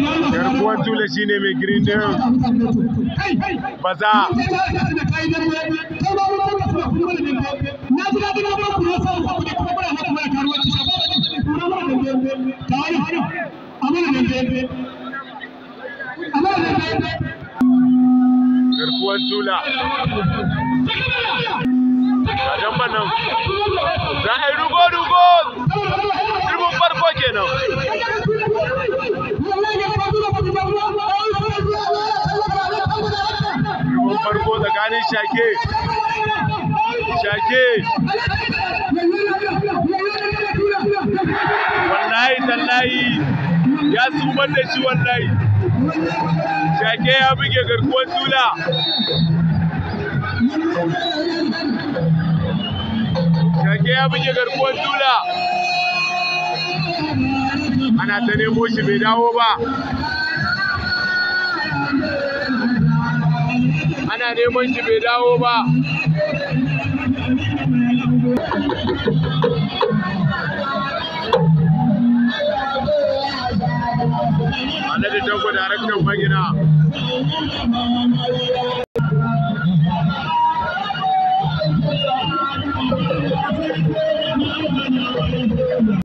garkuwar tule shi ne mai green din baza garkuwar tula a jamban nan tsakanin shake shake wallahi tallahi ya sumar da shi wallahi shake ya buge garkuwar tula shake ya buge garkuwar tula ana ta nemo shi bai dawo ba ana neman shi bai dawo ba Alhaji Tanko daraktan magina.